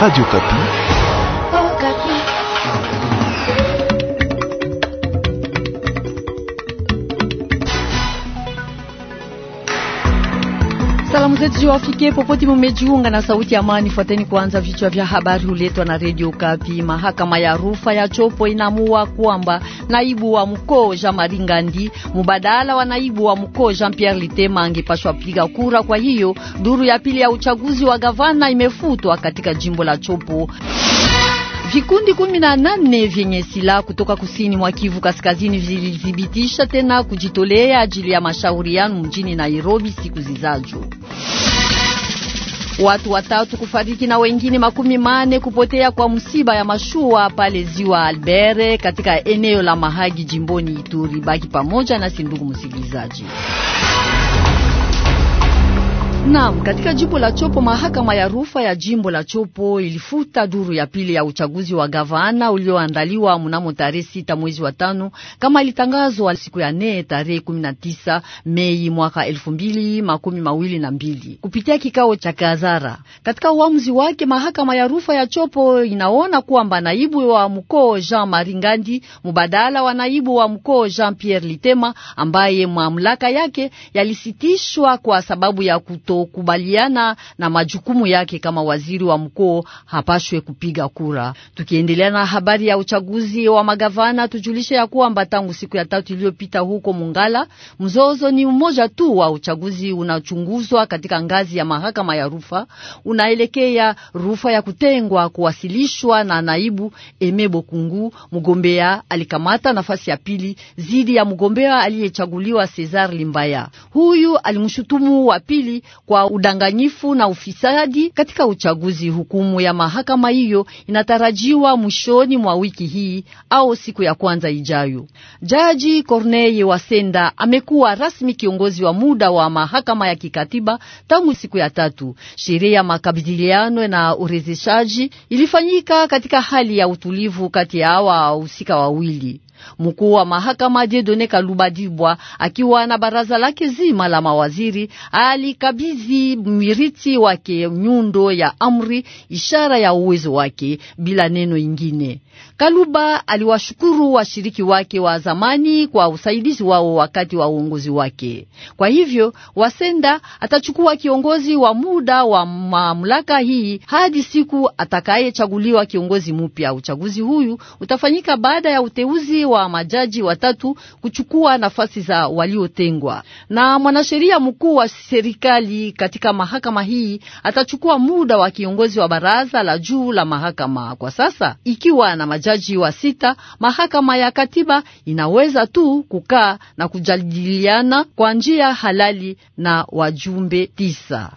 Radio Kapi. Salamu zetu ziwafikie popote mumejiunga na Sauti ya Amani. Fuateni kwanza vichwa vya habari huletwa na Redio Kapi. Mahakama ya rufa ya Chopo inamua kwamba naibu wa mkoo Jean Marie Ngandi mubadala wa naibu wa mkoo Jean Pierre Litema angepashwa piga kura. Kwa hiyo duru ya pili ya uchaguzi wa gavana imefutwa katika jimbo la Chopo. Vikundi kumi na nane vyenye silaha kutoka kusini mwa Kivu Kaskazini vilithibitisha tena kujitolea ajili ya mashauriano mjini Nairobi siku zizajo watu watatu kufariki na wengine makumi mane kupotea kwa msiba ya mashua pale ziwa Albere katika eneo la Mahagi jimboni Ituri. Baki pamoja nasi ndugu msikilizaji. Naam, katika jimbo la Chopo mahakama ya rufa ya jimbo la Chopo ilifuta duru ya pili ya uchaguzi wa gavana ulioandaliwa mnamo tarehe sita mwezi wa tano kama ilitangazwa siku ya nne tarehe kumi na tisa Mei mwaka elfu mbili makumi mawili na mbili kupitia kikao cha kazara. Katika uamuzi wake, mahakama ya rufa ya Chopo inaona kwamba naibu wa mkoo Jean Maringandi mubadala wa naibu wa mkoo Jean Pierre Litema ambaye mamlaka yake yalisitishwa kwa sababu ya kutu kutokubaliana na majukumu yake kama waziri wa mkoo hapashwe kupiga kura. Tukiendelea na habari ya uchaguzi wa magavana, tujulishe ya kwamba tangu siku ya tatu iliyopita huko Mungala, mzozo ni mmoja tu wa uchaguzi unachunguzwa katika ngazi ya mahakama ya rufaa, unaelekea rufaa ya kutengwa kuwasilishwa na naibu Emebo Kungu, mgombea alikamata nafasi ya pili dhidi ya mgombea aliyechaguliwa Cesar Limbaya. Huyu alimshutumu wa pili kwa udanganyifu na ufisadi katika uchaguzi. Hukumu ya mahakama hiyo inatarajiwa mwishoni mwa wiki hii au siku ya kwanza ijayo. Jaji Corneille Wasenda amekuwa rasmi kiongozi wa muda wa mahakama ya kikatiba tangu siku ya tatu. sheria ya makabidiliano na urezeshaji ilifanyika katika hali ya utulivu kati ya wahusika wawili. Mkuu wa mahakama Jedone kaluba dibwa akiwa na baraza lake zima la mawaziri alikabidhi mwiriti wake nyundo ya amri, ishara ya uwezo wake bila neno ingine. Kaluba aliwashukuru washiriki wake wa zamani kwa usaidizi wao wakati wa uongozi wake. Kwa hivyo, Wasenda atachukua kiongozi wa muda wa mamlaka hii hadi siku atakayechaguliwa kiongozi mpya. Uchaguzi huyu utafanyika baada ya uteuzi wa majaji watatu kuchukua nafasi za waliotengwa. Na mwanasheria mkuu wa serikali katika mahakama hii atachukua muda wa kiongozi wa baraza la juu la mahakama. Kwa sasa ikiwa na majaji wa sita, mahakama ya katiba inaweza tu kukaa na kujadiliana kwa njia halali na wajumbe tisa.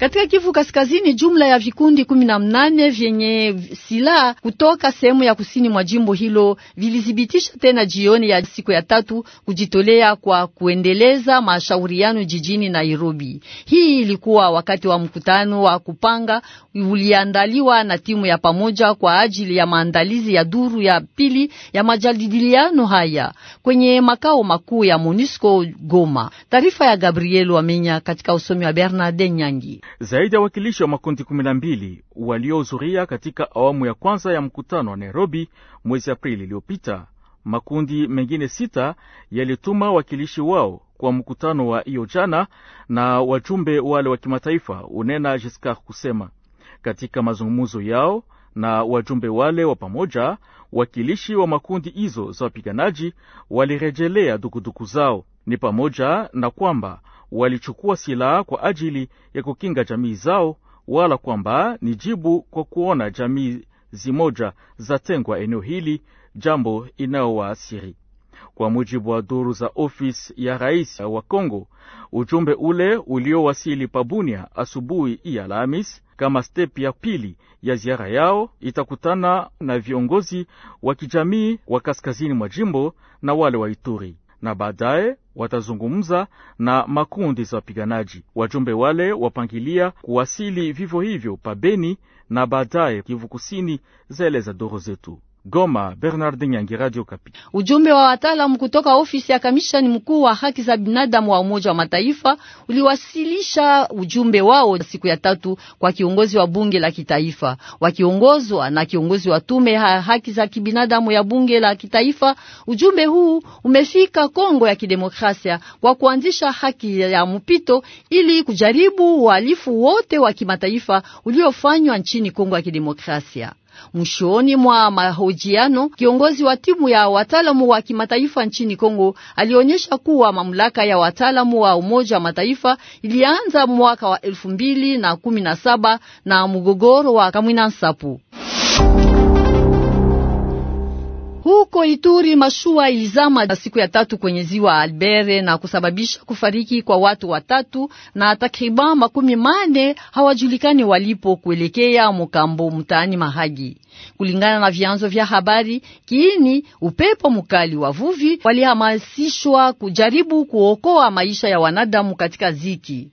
Katika Kivu Kaskazini, jumla ya vikundi kumi na mnane vyenye silaha kutoka sehemu ya kusini mwa jimbo hilo vilithibitisha tena jioni ya siku ya tatu kujitolea kwa kuendeleza mashauriano jijini Nairobi. Hii ilikuwa wakati wa mkutano wa kupanga uliandaliwa na timu ya pamoja kwa ajili ya maandalizi ya duru ya pili ya majadiliano haya kwenye makao makuu ya MONUSCO Goma. Taarifa ya Gabriel Wamenya katika usomi wa Bernard Nyangi. Zaidi ya wakilishi wa makundi kumi na mbili waliohudhuria katika awamu ya kwanza ya mkutano wa Nairobi mwezi Aprili iliyopita. Makundi mengine sita yalituma wakilishi wao kwa mkutano wa hiyo jana, na wajumbe wale wa kimataifa unena Jiska kusema katika mazungumzo yao na wajumbe wale wa pamoja, wakilishi wa makundi hizo za wapiganaji walirejelea dukuduku zao, ni pamoja na kwamba walichukua silaha kwa ajili ya kukinga jamii zao, wala kwamba ni jibu kwa kuona jamii zimoja zatengwa eneo hili, jambo inayowaasiri. Kwa mujibu wa duru za ofisi ya rais wa Kongo, ujumbe ule uliowasili Pabunia asubuhi ya Alhamis kama stepi ya pili ya ziara yao itakutana na viongozi wa kijamii wa kaskazini mwa jimbo na wale wa Ituri na baadaye watazungumza na makundi za wapiganaji. Wajumbe wale wapangilia kuwasili vivyo hivyo pabeni na baadaye Kivu Kusini, zaeleza doro zetu. Goma, Bernard Nyangi, Radio Kapi. Ujumbe wa wataalamu kutoka ofisi ya kamishani mkuu wa haki za binadamu wa Umoja wa Mataifa uliwasilisha ujumbe wao siku ya tatu kwa kiongozi wa bunge la kitaifa wakiongozwa na kiongozi wa tume ya haki za kibinadamu ya bunge la kitaifa. Ujumbe huu umefika Kongo ya Kidemokrasia kwa kuanzisha haki ya mpito ili kujaribu uhalifu wote wa kimataifa uliofanywa nchini Kongo ya Kidemokrasia. Mwishoni mwa mahojiano, kiongozi wa timu ya wataalamu wa kimataifa nchini Kongo alionyesha kuwa mamlaka ya wataalamu wa Umoja wa Mataifa ilianza mwaka wa elfu mbili na kumi na saba na mgogoro wa Kamwina Nsapu. Huko Ituri mashua ilizama siku ya tatu kwenye ziwa Albere na kusababisha kufariki kwa watu watatu na takriban makumi mane hawajulikani walipo kuelekea Mukambo mtaani Mahagi. Kulingana na vyanzo vya habari, kiini upepo mkali, wavuvi walihamasishwa kujaribu kuokoa maisha ya wanadamu katika ziki.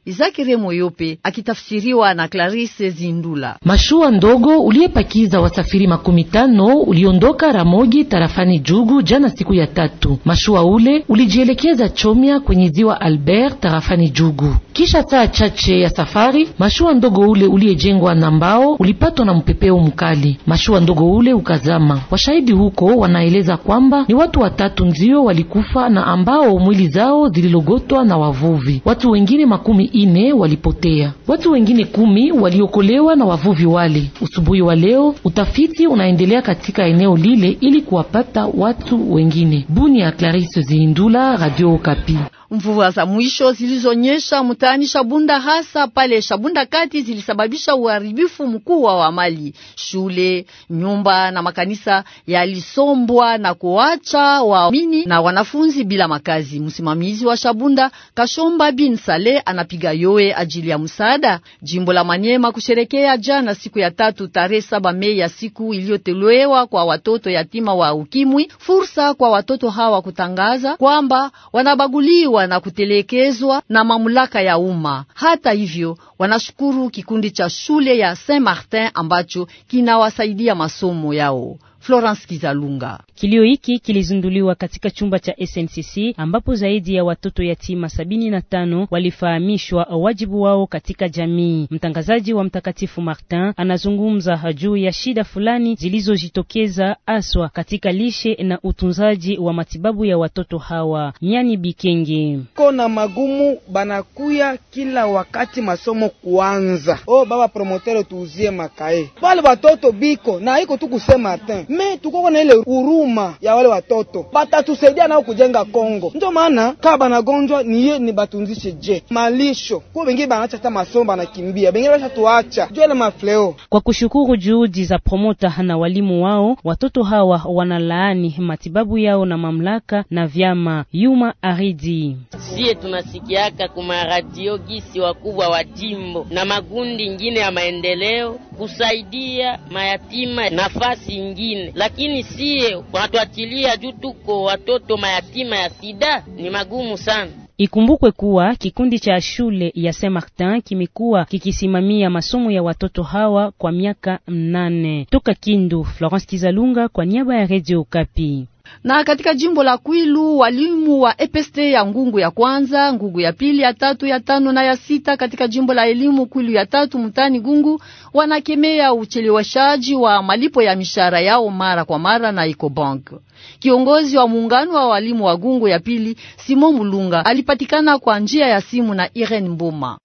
Remo Yope akitafsiriwa na Clarisse Zindula. Mashua ndogo uliyepakiza wasafiri makumi tano uliondoka Ramogi tarafa mtaani Jugu jana siku ya tatu. Mashua ule ulijielekeza Chomia kwenye ziwa Albert tarafani Jugu. Kisha saa chache ya safari, mashua ndogo ule uliyejengwa na mbao ulipatwa na mpepeo mkali, mashua ndogo ule ukazama. Washahidi huko wanaeleza kwamba ni watu watatu ndio walikufa na ambao mwili zao zililogotwa na wavuvi. Watu wengine makumi ine walipotea, watu wengine kumi waliokolewa na wavuvi wale. Usubuhi wa leo utafiti unaendelea katika eneo lile ili kuwapata kupata watu wengine. Bunia, Clarisse Zindula, Radio Kapi. Mvua za mwisho zilizonyesha mtaani Shabunda, hasa pale Shabunda kati, zilisababisha uharibifu mkubwa wa mali. Shule, nyumba na makanisa yalisombwa na kuacha waamini na wanafunzi bila makazi. Msimamizi wa Shabunda Kashomba bin Sale, anapiga yowe ajili ya msaada. Jimbo la Manyema kusherekea jana siku ya tatu tarehe saba Mei ya siku iliyotolewa kwa watoto yatima wa ukimwi, fursa kwa watoto hawa kutangaza kwamba wanabaguliwa kuwa na kutelekezwa na mamlaka ya umma. Hata hivyo, wanashukuru kikundi cha shule ya Saint Martin ambacho kinawasaidia masomo yao. Florence Kizalunga. Kilio hiki kilizunduliwa katika chumba cha SNCC ambapo zaidi ya watoto yatima sabini na tano walifahamishwa wajibu wao katika jamii. Mtangazaji wa Mtakatifu Martin anazungumza juu ya shida fulani zilizojitokeza aswa katika lishe na utunzaji wa matibabu ya watoto hawa. Nyani Bikenge: kona magumu banakuya kila wakati masomo kuanza. Oh, baba promotere tuuzie makae. Wale watoto biko na iko tu kusema Martin me tukoko na ile huruma ya wale watoto batatusaidia nao kujenga Kongo. Ndio maana kaa banagonjwa niye ni batunzishe je malisho kuo, bengine banacha hata masomo banakimbia, bengine basha tuacha juu ile mafleo. Kwa kushukuru juhudi za promota na walimu wao, watoto hawa wanalaani matibabu yao na mamlaka na vyama yuma aridi. Sie tunasikiaka kumaradio gisi wakubwa wa jimbo na magundi ingine ya maendeleo kusaidia mayatima nafasi ingine wengine, lakini siye wanatuachilia juu tuko watoto mayatima ya sida, ni magumu sana. Ikumbukwe kuwa kikundi cha shule ya Saint Martin kimekuwa kikisimamia masomo ya watoto hawa kwa miaka mnane. Toka Kindu, Florence Kizalunga kwa niaba ya Radio Kapi. Na katika jimbo la Kwilu walimu wa EPST ya Ngungu ya kwanza, Ngungu ya pili, ya tatu, ya tano na ya sita katika jimbo la elimu Kwilu ya tatu mtani Ngungu wanakemea ucheleweshaji wa malipo ya mishahara yao mara kwa mara na Ecobank. Kiongozi wa muungano wa walimu wa Gungu ya pili Simon Mulunga alipatikana kwa njia ya simu na Irene mbuma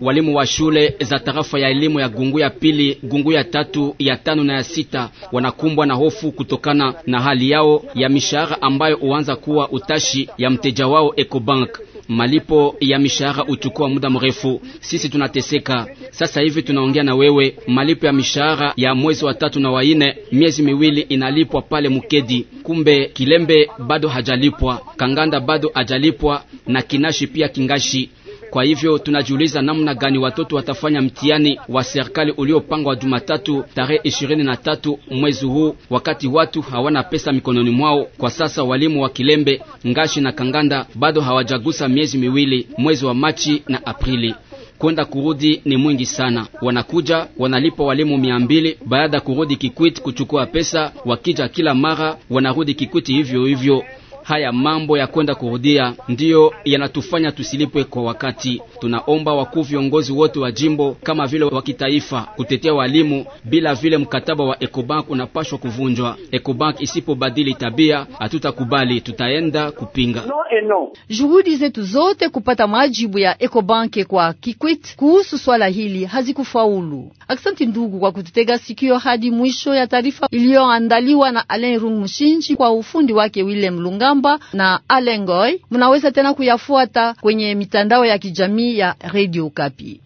Walimu wa shule za tarafa ya elimu ya Gungu ya pili, Gungu ya tatu, ya tano na ya sita wanakumbwa na hofu kutokana na hali yao ya mishahara ambayo huanza kuwa utashi ya mteja wao Ecobank malipo ya mishahara uchukua muda mrefu, sisi tunateseka. Sasa hivi tunaongea na wewe, malipo ya mishahara ya mwezi wa tatu na waine miezi miwili inalipwa pale Mukedi, kumbe Kilembe bado hajalipwa, Kanganda bado hajalipwa na Kinashi pia Kingashi kwa hivyo tunajiuliza namna gani watoto watafanya mtihani wa serikali uliopangwa Jumatatu tarehe ishirini na tatu mwezi huu, wakati watu hawana pesa mikononi mwao. Kwa sasa walimu wa Kilembe, Ngashi na Kanganda bado hawajagusa miezi miwili, mwezi wa Machi na Aprili kwenda kurudi ni mwingi sana. Wanakuja wanalipa walimu mia mbili baada ya kurudi kikwiti kuchukua pesa, wakija kila mara wanarudi Kikwiti hivyo hivyo. Haya mambo ya kwenda kurudia ndiyo yanatufanya tusilipwe kwa wakati. Tunaomba wakuu viongozi wote wa jimbo kama vile wa kitaifa kutetea walimu, bila vile mkataba wa Ecobank unapashwa kuvunjwa. Ecobank isipobadili tabia, hatutakubali, tutaenda kupinga. No, eh, no. Juhudi zetu zote kupata majibu ya Ecobank kwa Kikwit kuhusu swala hili hazikufaulu. Aksanti ndugu kwa kututega sikio hadi mwisho ya taarifa iliyoandaliwa na Alain Rung Mshinji kwa ufundi wake William Lungam. Mwamba na alengoy Mnaweza tena kuyafuata kwenye mitandao ya kijamii ya Radio Kapi.